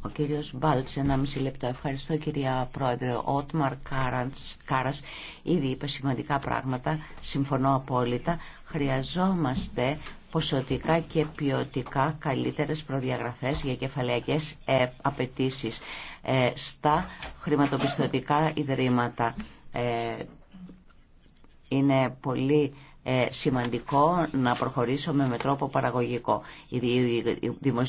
Ο κύριος Μπάλτς, μισή λεπτό. Ευχαριστώ κυρία Πρόεδρε. Ο Ότμαρ Κάρας, ήδη είπε σημαντικά πράγματα, συμφωνώ απόλυτα. Χρειαζόμαστε ποσοτικά και ποιοτικά καλύτερες προδιαγραφές για κεφαλαιακές ε, ε, στα χρηματοπιστωτικά ιδρύματα. Ε, είναι πολύ ε, σημαντικό να προχωρήσουμε με τρόπο παραγωγικό.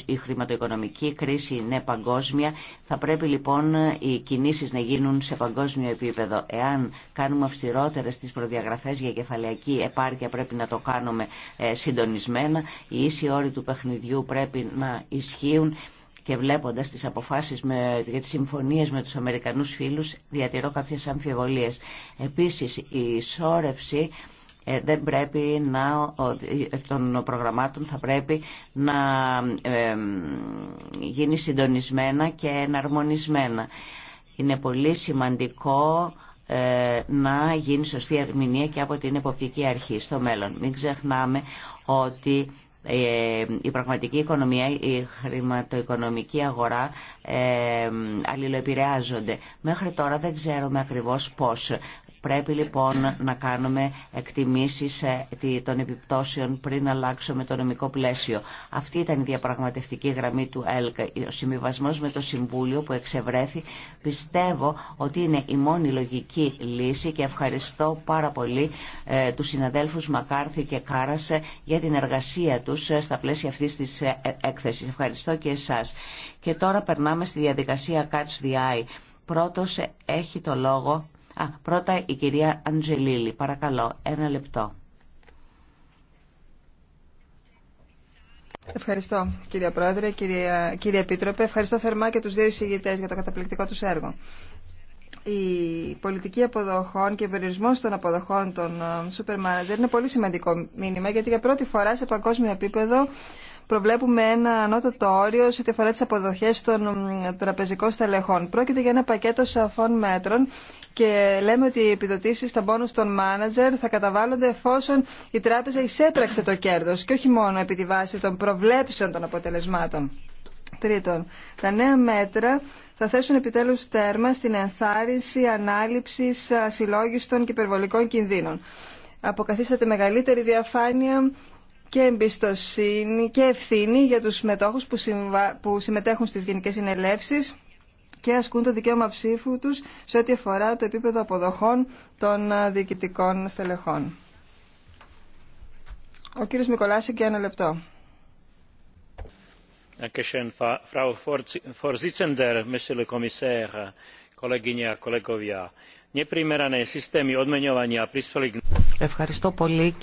Η χρηματοοικονομική κρίση είναι παγκόσμια. Θα πρέπει λοιπόν οι κινήσεις να γίνουν σε παγκόσμιο επίπεδο. Εάν κάνουμε αυστηρότερες τις προδιαγραφές για κεφαλαιακή επάρκεια πρέπει να το κάνουμε ε, συντονισμένα. Οι ίσοι όροι του παιχνιδιού πρέπει να ισχύουν και βλέποντας τις αποφάσεις με, για τις συμφωνίες με τους Αμερικανούς φίλους διατηρώ κάποιες αμφιβολίες. Επίσης η ε, δεν πρέπει να, ε, των προγραμμάτων θα πρέπει να γίνει συντονισμένα και εναρμονισμένα. Είναι πολύ σημαντικό ε, να γίνει σωστή ερμηνεία και από την εποπτική αρχή στο μέλλον. Μην ξεχνάμε ότι η πραγματική οικονομία, η χρηματοοικονομική αγορά αλληλοεπηρεάζονται. Μέχρι τώρα δεν ξέρουμε ακριβώς πώς. Πρέπει λοιπόν να κάνουμε εκτιμήσεις ε, των επιπτώσεων πριν αλλάξουμε το νομικό πλαίσιο. Αυτή ήταν η διαπραγματευτική γραμμή του ΕΛΚ. Ο συμβιβασμό με το Συμβούλιο που εξευρέθη πιστεύω ότι είναι η μόνη λογική λύση και ευχαριστώ πάρα πολύ ε, τους συναδέλφους Μακάρθη και Κάρασε για την εργασία του ε, στα πλαίσια αυτής της ε, έκθεσης. Ευχαριστώ και εσάς. Και τώρα περνάμε στη διαδικασία Catch the Eye. Πρώτος έχει το λόγο Α, πρώτα η κυρία Αντζελίλη, παρακαλώ, ένα λεπτό. Ευχαριστώ κυρία Πρόεδρε, κυρία, κύριε Επίτροπε. Ευχαριστώ θερμά και τους δύο εισηγητές για το καταπληκτικό τους έργο. Η πολιτική αποδοχών και περιορισμό των αποδοχών των ε, σούπερ μάνατζερ είναι πολύ σημαντικό μήνυμα γιατί για πρώτη φορά σε παγκόσμιο επίπεδο προβλέπουμε ένα ανώτατο όριο σε ό,τι αφορά τι αποδοχέ των ε, τραπεζικών στελεχών. Πρόκειται για ένα πακέτο σαφών μέτρων και λέμε ότι οι επιδοτήσεις στα μπόνου των μάνατζερ θα καταβάλλονται εφόσον η τράπεζα εισέπραξε το κέρδο και όχι μόνο επί τη βάση των προβλέψεων των αποτελεσμάτων. Τρίτον, τα νέα μέτρα θα θέσουν επιτέλους τέρμα στην ενθάρρυνση ανάληψη ασυλλόγιστων και υπερβολικών κινδύνων. Αποκαθίσταται μεγαλύτερη διαφάνεια και εμπιστοσύνη και ευθύνη για τους μετόχους που, συμμετέχουν στις γενικές συνελεύσεις και ασκούν το δικαίωμα ψήφου τους σε ό,τι αφορά το επίπεδο αποδοχών των ε, διοικητικών στελεχών. Ο κύριος Μικολάση και ένα λεπτό. Ευχαριστώ πολύ,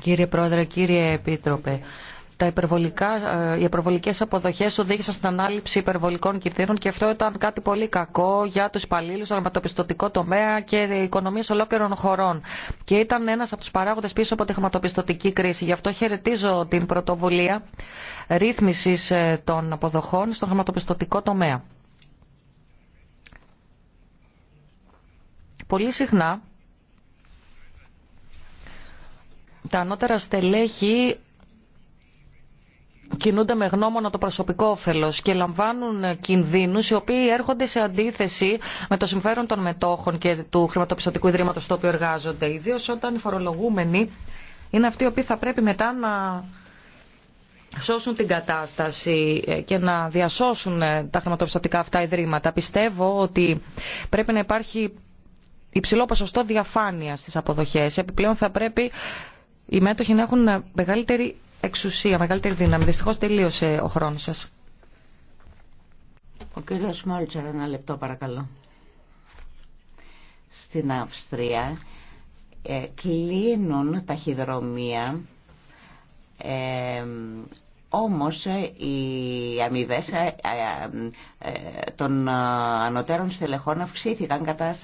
κύριε Πρόεδρε, κύριε Επίτροπε τα υπερβολικά, ε, οι υπερβολικέ αποδοχές οδήγησαν στην ανάληψη υπερβολικών κινδύνων και αυτό ήταν κάτι πολύ κακό για τους υπαλλήλου, τον χρηματοπιστωτικό τομέα και οικονομίε ολόκληρων χωρών. Και ήταν ένας από τους παράγοντες πίσω από τη χρηματοπιστωτική κρίση. Γι' αυτό χαιρετίζω την πρωτοβουλία ρύθμιση ε, των αποδοχών στον χρηματοπιστωτικό τομέα. Πολύ συχνά τα ανώτερα στελέχη κινούνται με γνώμονα το προσωπικό όφελο και λαμβάνουν κινδύνου οι οποίοι έρχονται σε αντίθεση με το συμφέρον των μετόχων και του χρηματοπιστωτικού ιδρύματο στο οποίο εργάζονται. Ιδίω όταν οι φορολογούμενοι είναι αυτοί οι οποίοι θα πρέπει μετά να σώσουν την κατάσταση και να διασώσουν τα χρηματοπιστωτικά αυτά ιδρύματα. Πιστεύω ότι πρέπει να υπάρχει υψηλό ποσοστό διαφάνεια στι αποδοχέ. Επιπλέον θα πρέπει οι μέτοχοι να έχουν μεγαλύτερη εξουσία, μεγαλύτερη δύναμη. Δυστυχώ τελείωσε ο χρόνο σα. Ο κύριο Μόλτσερ, ένα λεπτό παρακαλώ. Στην Αυστρία ε, κλείνουν ταχυδρομεία ε, όμως ε, οι αμοιβέ ε, ε, των ανωτέρων στελεχών αυξήθηκαν κατά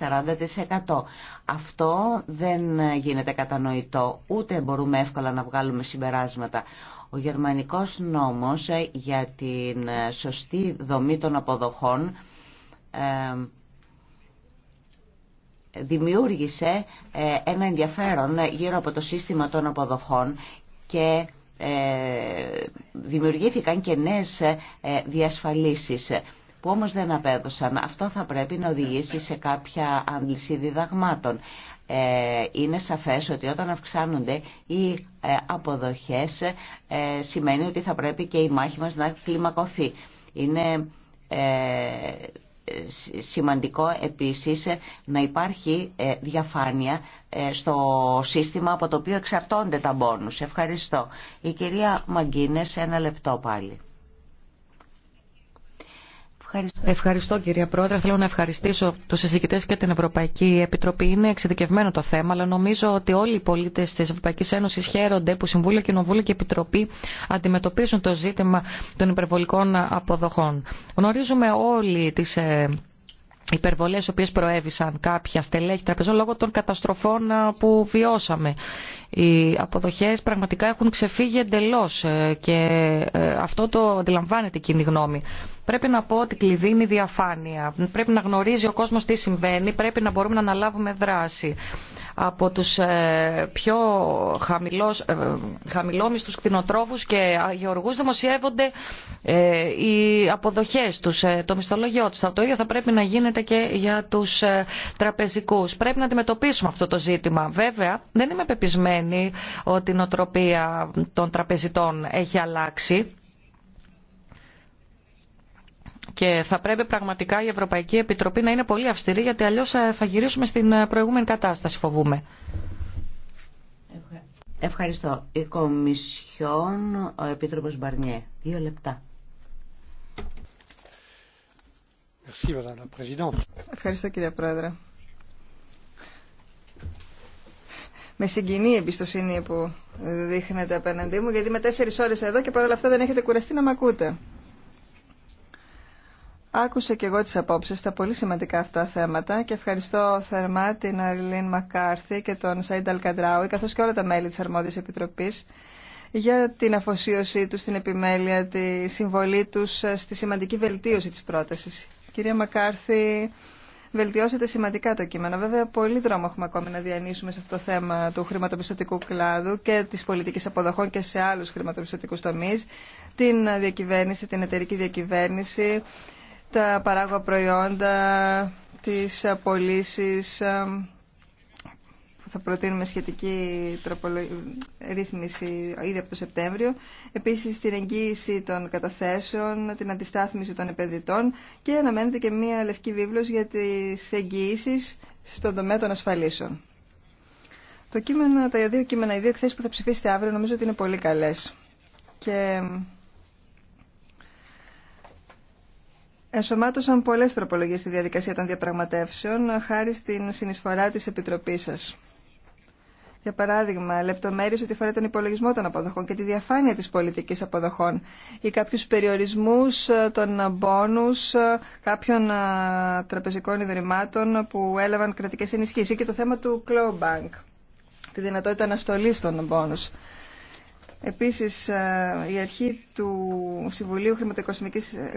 40%. Αυτό δεν γίνεται κατανοητό, ούτε μπορούμε εύκολα να βγάλουμε συμπεράσματα. Ο γερμανικός νόμος για την σωστή δομή των αποδοχών δημιούργησε ένα ενδιαφέρον γύρω από το σύστημα των αποδοχών και ε, δημιουργήθηκαν και νέες ε, διασφαλίσεις που όμως δεν απέδωσαν. Αυτό θα πρέπει να οδηγήσει σε κάποια άντληση διδαγμάτων. Ε, είναι σαφές ότι όταν αυξάνονται οι αποδοχές σημαίνει ότι θα πρέπει και η μάχη μας να κλιμακωθεί. Είναι σημαντικό επίσης να υπάρχει ε, διαφάνεια ε, στο σύστημα από το οποίο εξαρτώνται τα μπόνους. Ευχαριστώ. Η κυρία Μαγκίνες, ένα λεπτό πάλι. Ευχαριστώ. κυρία Πρόεδρε. Θέλω να ευχαριστήσω του συζητητέ και την Ευρωπαϊκή Επιτροπή. Είναι εξειδικευμένο το θέμα, αλλά νομίζω ότι όλοι οι πολίτε τη Ευρωπαϊκή Ένωση χαίρονται που Συμβούλιο, Κοινοβούλιο και Επιτροπή αντιμετωπίζουν το ζήτημα των υπερβολικών αποδοχών. Γνωρίζουμε όλοι τι ε, υπερβολέ οι οποίε προέβησαν κάποια στελέχη τραπεζών λόγω των καταστροφών ε, που βιώσαμε οι αποδοχές πραγματικά έχουν ξεφύγει εντελώς ε, και ε, αυτό το αντιλαμβάνεται η κοινή γνώμη. Πρέπει να πω ότι κλειδίνει η διαφάνεια. Πρέπει να γνωρίζει ο κόσμος τι συμβαίνει, πρέπει να μπορούμε να αναλάβουμε δράση. Από τους ε, πιο χαμηλός, χαμηλόμιστους κτηνοτρόφους και γεωργούς δημοσιεύονται οι αποδοχές τους, το μισθολογιό τους. Το ίδιο θα πρέπει να γίνεται και για τους τραπεζικούς. Πρέπει να αντιμετωπίσουμε αυτό το ζήτημα. Βέβαια, δεν είμαι πεπισμένη σημαίνει ότι η νοοτροπία των τραπεζιτών έχει αλλάξει και θα πρέπει πραγματικά η Ευρωπαϊκή Επιτροπή να είναι πολύ αυστηρή γιατί αλλιώς ε, θα γυρίσουμε στην ε, προηγούμενη κατάσταση φοβούμε. Ευχαριστώ. Η Κομισιόν, ο Επίτροπος Μπαρνιέ. Δύο λεπτά. Ευχαριστώ κύριε Πρόεδρε. με συγκινή εμπιστοσύνη που δείχνετε απέναντί μου, γιατί με τέσσερις ώρες εδώ και παρόλα αυτά δεν έχετε κουραστεί να με ακούτε. Άκουσα και εγώ τις απόψεις στα πολύ σημαντικά αυτά θέματα και ευχαριστώ θερμά την Αριλίν Μακάρθη και τον Σαϊντ Αλκαντράουι καθώς και όλα τα μέλη της Αρμόδιας Επιτροπής για την αφοσίωσή του στην επιμέλεια, τη συμβολή τους ε, στη σημαντική βελτίωση της πρότασης. Κυρία Μακάρθη, βελτιώσετε σημαντικά το κείμενο. Βέβαια, πολύ δρόμο έχουμε ακόμη να διανύσουμε σε αυτό το θέμα του χρηματοπιστωτικού κλάδου και τη πολιτική αποδοχών και σε άλλου χρηματοπιστωτικού τομεί, την διακυβέρνηση, την εταιρική διακυβέρνηση, τα παράγωγα προϊόντα, τις πωλήσει θα προτείνουμε σχετική τροπολο... ρύθμιση ήδη από το Σεπτέμβριο. Επίσης την εγγύηση των καταθέσεων, την αντιστάθμιση των επενδυτών και αναμένεται και μία λευκή βίβλος για τις εγγύησει στον τομέα των ασφαλίσεων. Το κείμενο, τα δύο κείμενα, οι δύο εκθέσεις που θα ψηφίσετε αύριο νομίζω ότι είναι πολύ καλές. Και ενσωμάτωσαν πολλές τροπολογίες στη διαδικασία των διαπραγματεύσεων χάρη στην συνεισφορά της Επιτροπής σας. Για παράδειγμα, λεπτομέρειε ότι αφορά τον υπολογισμό των αποδοχών και τη διαφάνεια τη πολιτική αποδοχών ή κάποιου περιορισμού ε, των πόνου ε, κάποιων ε, τραπεζικών ιδρυμάτων που έλαβαν κρατικέ ενισχύσει και το θέμα του Clawbank, τη δυνατότητα αναστολή των πόνου. Επίσης, η αρχή του Συμβουλίου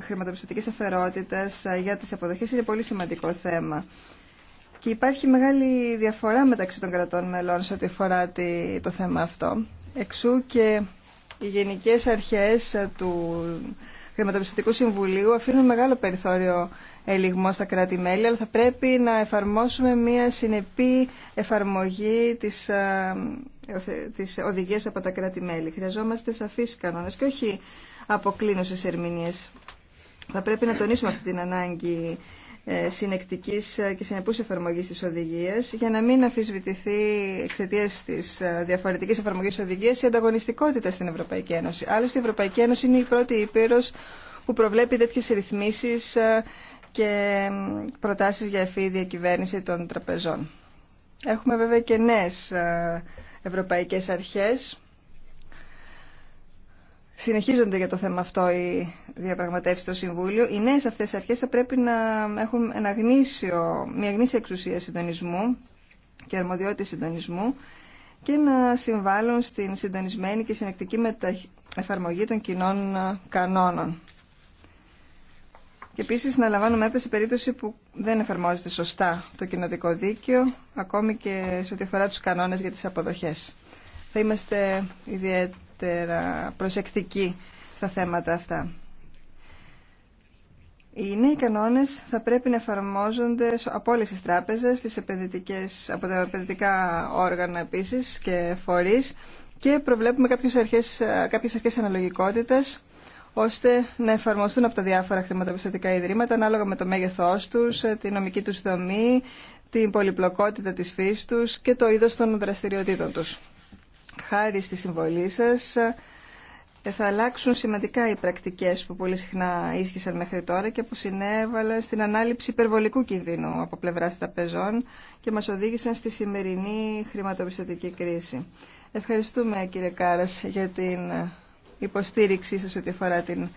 Χρηματοπιστωτικής Σταθερότητας για τι αποδοχέ είναι πολύ σημαντικό θέμα. Και υπάρχει μεγάλη διαφορά μεταξύ των κρατών μελών σε ό,τι αφορά το θέμα αυτό. Εξού και οι γενικές αρχές του Χρηματοπιστωτικού Συμβουλίου αφήνουν μεγάλο περιθώριο ελιγμό στα κράτη-μέλη, αλλά θα πρέπει να εφαρμόσουμε μια συνεπή εφαρμογή της, της οδηγίας από τα κράτη-μέλη. Χρειαζόμαστε σαφείς κανόνες και όχι αποκλίνουσες ερμηνείες. Θα πρέπει να τονίσουμε αυτή την ανάγκη ε, συνεκτικής ε, και συνεπούς εφαρμογής της οδηγίας για να μην αφισβητηθεί εξαιτία της ε, διαφορετικής εφαρμογής της οδηγίας η ανταγωνιστικότητα στην Ευρωπαϊκή Ένωση. Άλλωστε η Ευρωπαϊκή Ένωση είναι η πρώτη ήπειρος που προβλέπει τέτοιες ρυθμίσεις και προτάσεις για ευφύ διακυβέρνηση των τραπεζών. Έχουμε βέβαια και νέες ευρωπαϊκές αρχές συνεχίζονται για το θέμα αυτό οι διαπραγματεύσει στο Συμβούλιο. Οι νέε αυτέ αρχέ θα πρέπει να έχουν ένα γνήσιο, μια γνήσια εξουσία συντονισμού και αρμοδιότητα συντονισμού και να συμβάλλουν στην συντονισμένη και συνεκτική εφαρμογή των κοινών κανόνων. Και επίση να λαμβάνουμε μέτρα σε περίπτωση που δεν εφαρμόζεται σωστά το κοινοτικό δίκαιο, ακόμη και σε ό,τι αφορά του κανόνε για τι αποδοχέ. Θα είμαστε ιδιαίτερα ιδιαίτερα προσεκτική στα θέματα αυτά. Οι νέοι κανόνε θα πρέπει να εφαρμόζονται από όλε τι τράπεζε, από τα επενδυτικά όργανα επίση και φορεί και προβλέπουμε ε, κάποιε αρχέ αναλογικότητα ώστε να εφαρμοστούν από τα διάφορα χρηματοπιστωτικά ιδρύματα ανάλογα με το μέγεθό του, ε, τη νομική του δομή, την πολυπλοκότητα τη φύση του και το είδο των δραστηριοτήτων του χάρη στη συμβολή σας ε, θα αλλάξουν σημαντικά οι πρακτικές που πολύ συχνά ίσχυσαν μέχρι τώρα και που συνέβαλαν στην ανάληψη υπερβολικού κινδύνου από πλευράς τραπεζών και μας οδήγησαν στη σημερινή χρηματοπιστωτική κρίση. Ευχαριστούμε κύριε Κάρας για την υποστήριξή σας ότι αφορά την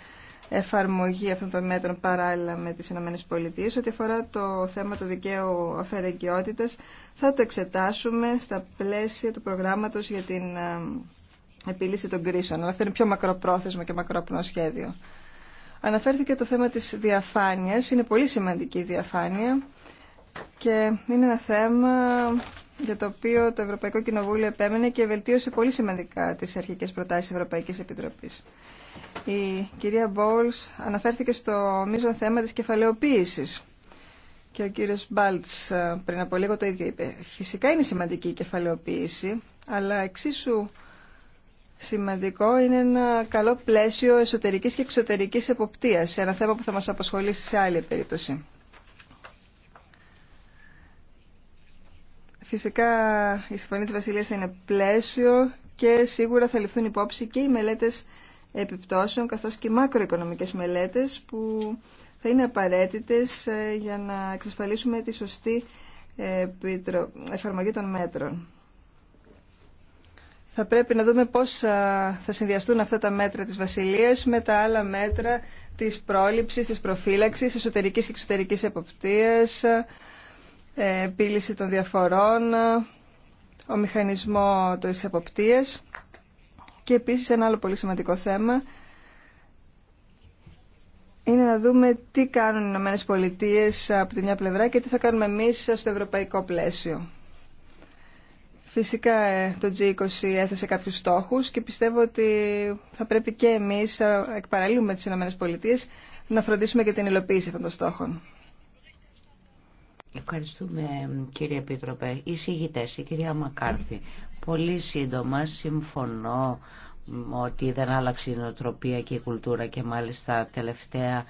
εφαρμογή αυτών των μέτρων παράλληλα με τις ΗΠΑ. Ό,τι αφορά το θέμα του δικαίου αφαιρεγκαιότητας θα το εξετάσουμε στα πλαίσια του προγράμματος για την ε, επίλυση των κρίσεων. Αλλά αυτό είναι πιο μακροπρόθεσμο και μακρόπνο σχέδιο. Αναφέρθηκε το θέμα της διαφάνειας. Είναι πολύ σημαντική η διαφάνεια και είναι ένα θέμα για το οποίο το Ευρωπαϊκό Κοινοβούλιο επέμενε και βελτίωσε πολύ σημαντικά τις αρχικές προτάσεις της Ευρωπαϊκής Επιτροπής. Η κυρία Μπόλς αναφέρθηκε στο μείζον θέμα της κεφαλαιοποίησης και ο κύριος Μπάλτς ε, πριν από λίγο το ίδιο είπε. Φυσικά είναι σημαντική η κεφαλαιοποίηση, αλλά εξίσου σημαντικό είναι ένα καλό πλαίσιο εσωτερικής και εξωτερικής εποπτείας, ένα θέμα που θα μας απασχολήσει σε άλλη περίπτωση. Φυσικά η Συμφωνία της Βασιλείας θα είναι πλαίσιο και σίγουρα θα ληφθούν υπόψη και οι μελέτες επιπτώσεων καθώς και μακροοικονομικές μελέτες που θα είναι απαραίτητες ε, για να εξασφαλίσουμε τη σωστή ε, εφαρμογή των μέτρων. Θα πρέπει να δούμε πώς θα συνδυαστούν αυτά τα μέτρα της Βασιλείας με τα άλλα μέτρα της πρόληψης, της προφύλαξης, εσωτερικής και εξωτερικής εποπτείας, ε, επίλυση των διαφορών, ο μηχανισμό της εποπτείας και επίσης ένα άλλο πολύ σημαντικό θέμα είναι να δούμε τι κάνουν οι Ηνωμένες Πολιτείες από τη μια πλευρά και τι θα κάνουμε εμείς στο ευρωπαϊκό πλαίσιο. Φυσικά ε, το G20 έθεσε κάποιους στόχους και πιστεύω ότι θα πρέπει και εμείς, ε, εκ με τις Ηνωμένες Πολιτείες, να φροντίσουμε και την υλοποίηση αυτών των στόχων. Ευχαριστούμε κύριε Επίτροπε. Οι η κυρία Μακάρθη Πολύ σύντομα συμφωνώ ότι δεν άλλαξε η νοοτροπία και η κουλτούρα και μάλιστα τελευταία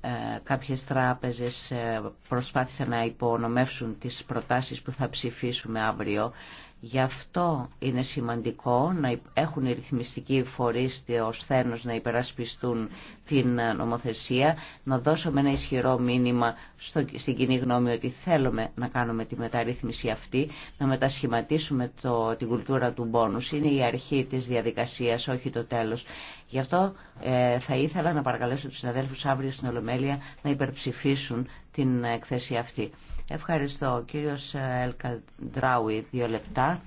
ε, κάποιες τράπεζες ε, προσπάθησαν να υπονομεύσουν τις προτάσεις που θα ψηφίσουμε αύριο Γι' αυτό είναι σημαντικό να έχουν οι ρυθμιστικοί φορείς ως θένος να υπερασπιστούν την ε, νομοθεσία, να δώσουμε ένα ισχυρό μήνυμα στο, στην κοινή γνώμη ότι θέλουμε να κάνουμε τη μεταρρύθμιση αυτή, να μετασχηματίσουμε το, την κουλτούρα του μπόνους. Είναι η αρχή της διαδικασίας, όχι το τέλος. Γι' αυτό ε, θα ήθελα να παρακαλέσω τους συναδέλφους αύριο στην Ολομέλεια να υπερψηφίσουν την έκθεση αυτή. Ευχαριστώ. Κύριος ε, Ελκαντράουι, δύο λεπτά.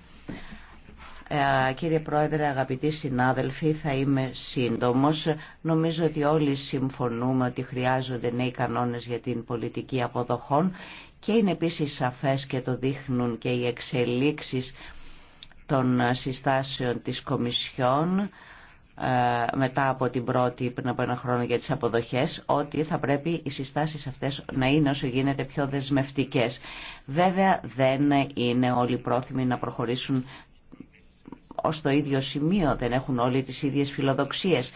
Ε, κύριε Πρόεδρε, αγαπητοί συνάδελφοι, θα είμαι σύντομος. Νομίζω ότι όλοι συμφωνούμε ότι χρειάζονται νέοι κανόνες για την πολιτική αποδοχών και είναι επίσης σαφές και το δείχνουν και οι εξελίξεις των συστάσεων της Κομισιόν ε, μετά από την πρώτη πριν από ένα χρόνο για τις αποδοχές ότι θα πρέπει οι συστάσεις αυτές να είναι όσο γίνεται πιο δεσμευτικές. Βέβαια δεν είναι όλοι πρόθυμοι να προχωρήσουν ως το ίδιο σημείο, δεν έχουν όλοι τις ίδιες φιλοδοξίες.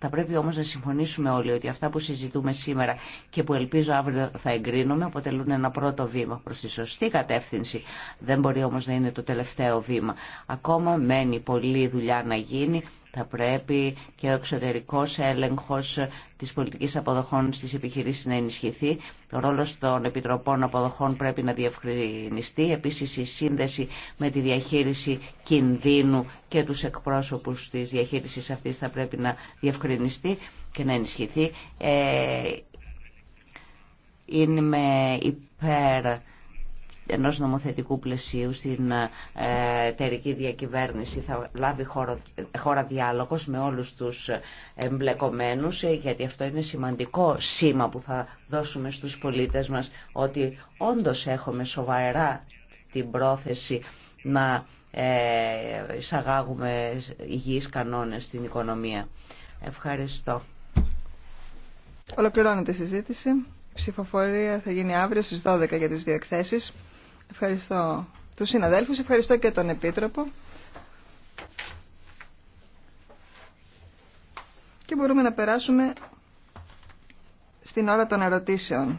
Θα πρέπει όμως να συμφωνήσουμε όλοι ότι αυτά που συζητούμε σήμερα και που ελπίζω αύριο θα εγκρίνουμε αποτελούν ένα πρώτο βήμα προς τη σωστή κατεύθυνση. Δεν μπορεί όμως να είναι το τελευταίο βήμα. Ακόμα μένει πολλή δουλειά να γίνει θα πρέπει και ο εξωτερικός έλεγχος της πολιτικής αποδοχών στις επιχειρήσεις να ενισχυθεί. Ο ρόλο των επιτροπών αποδοχών πρέπει να διευκρινιστεί. Επίσης η σύνδεση με τη διαχείριση κινδύνου και τους εκπρόσωπους της διαχείρισης αυτής θα πρέπει να διευκρινιστεί και να ενισχυθεί. Ε, με υπέρ ενός νομοθετικού πλαισίου στην ε, εταιρική διακυβέρνηση. Θα λάβει χώρα, χώρα διάλογος με όλους τους εμπλεκομένους, ε, γιατί αυτό είναι σημαντικό σήμα που θα δώσουμε στους πολίτες μας, ότι όντως έχουμε σοβαρά την πρόθεση να ε, εισαγάγουμε υγιείς κανόνες στην οικονομία. Ευχαριστώ. Ολοκληρώνεται η συζήτηση. Η ψηφοφορία θα γίνει αύριο στις 12 για τις διεκθέσεις. Ευχαριστώ τους συναδέλφους, ευχαριστώ και τον Επίτροπο. Και μπορούμε να περάσουμε στην ώρα των ερωτήσεων.